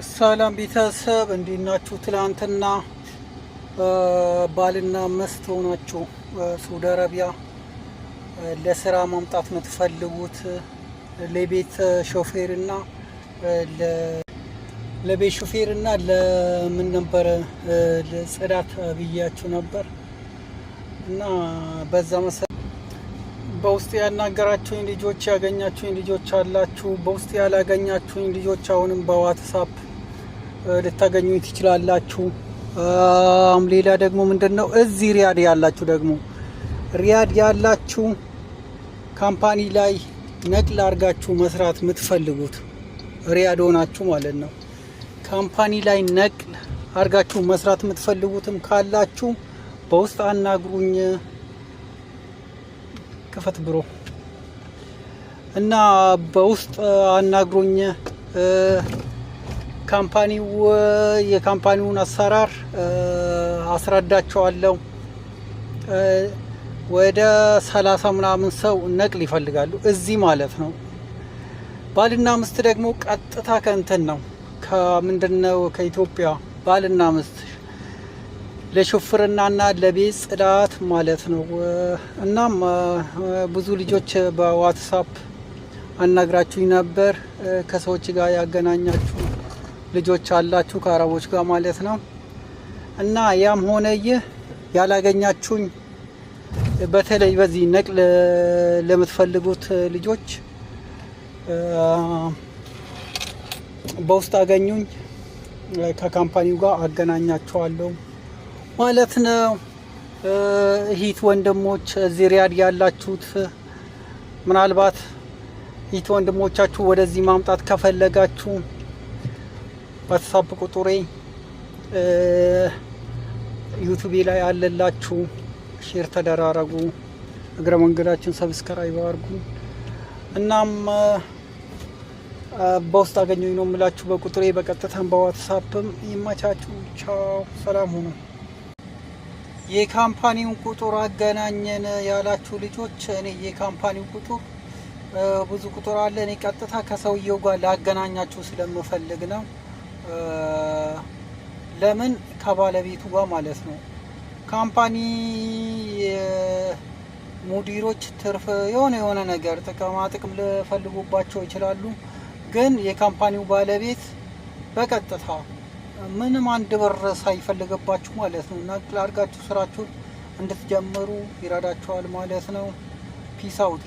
ሰላም ቤተሰብ እንዴት ናችሁ? ትላንትና ባልና ሚስት ሆናችሁ ሳውዲ አረቢያ ለስራ ማምጣት የምትፈልጉት ለቤት ሾፌርና ለቤት ሾፌርና ለምን ነበረ ጽዳት ብያችሁ ነበር እና በዛ መሰ በውስጥ ያናገራችሁኝ ልጆች ያገኛችሁኝ ልጆች አላችሁ። በውስጥ ያላገኛችሁኝ ልጆች አሁንም በዋትሳፕ ልታገኙ ትችላላችሁ። ሌላ ደግሞ ምንድን ነው እዚህ ሪያድ ያላችሁ ደግሞ ሪያድ ያላችሁ ካምፓኒ ላይ ነቅል አድርጋችሁ መስራት የምትፈልጉት ሪያድ ሆናችሁ ማለት ነው። ካምፓኒ ላይ ነቅል አድርጋችሁ መስራት የምትፈልጉትም ካላችሁ በውስጥ አናግሩኝ። ክፈት ብሮ እና በውስጥ አናግሩኝ። ካምፓኒው የካምፓኒውን አሰራር አስረዳቸዋለሁ። ወደ ሰላሳ ምናምን ሰው ነቅል ይፈልጋሉ እዚህ ማለት ነው። ባልና ምስት ደግሞ ቀጥታ ከእንትን ነው ከምንድነው ከኢትዮጵያ ባልና ምስት ለሹፍርናና ለቤት ጽዳት ማለት ነው። እናም ብዙ ልጆች በዋትሳፕ አናግራችሁኝ ነበር ከሰዎች ጋር ያገናኛችሁ ልጆች አላችሁ ከአረቦች ጋር ማለት ነው። እና ያም ሆነ ይህ ያላገኛችሁኝ በተለይ በዚህ ነቅል ለምትፈልጉት ልጆች በውስጥ አገኙኝ፣ ከካምፓኒው ጋር አገናኛችኋለሁ ማለት ነው። እህት ወንድሞች እዚህ ሪያድ ያላችሁት ምናልባት እህት ወንድሞቻችሁ ወደዚህ ማምጣት ከፈለጋችሁ ዋትሳፕ ቁጥሬ ዩቱቤ ላይ አለላችሁ። ሼር ተደራረጉ። እግረ መንገዳችን ሰብስክራይብ አድርጉ። እናም በውስጥ አገኘኝ ነው የምላችሁ በቁጥሬ በቀጥታም በዋትሳፕም ይመቻችሁ። ቻው፣ ሰላም ሁኑ። የካምፓኒውን ቁጥር አገናኘን ያላችሁ ልጆች እኔ የካምፓኒው ቁጥር ብዙ ቁጥር አለ። እኔ ቀጥታ ከሰውየው ጋር ላገናኛችሁ ስለምፈልግ ነው። ለምን ከባለቤቱ ጋር ማለት ነው። ካምፓኒ ሙዲሮች ትርፍ የሆነ የሆነ ነገር ጥቅማ ጥቅም ሊፈልጉባቸው ይችላሉ። ግን የካምፓኒው ባለቤት በቀጥታ ምንም አንድ ብር ሳይፈልግባችሁ ማለት ነው ነቅል አድርጋችሁ ስራችሁን እንድትጀምሩ ይረዳችኋል ማለት ነው። ፒስ አውት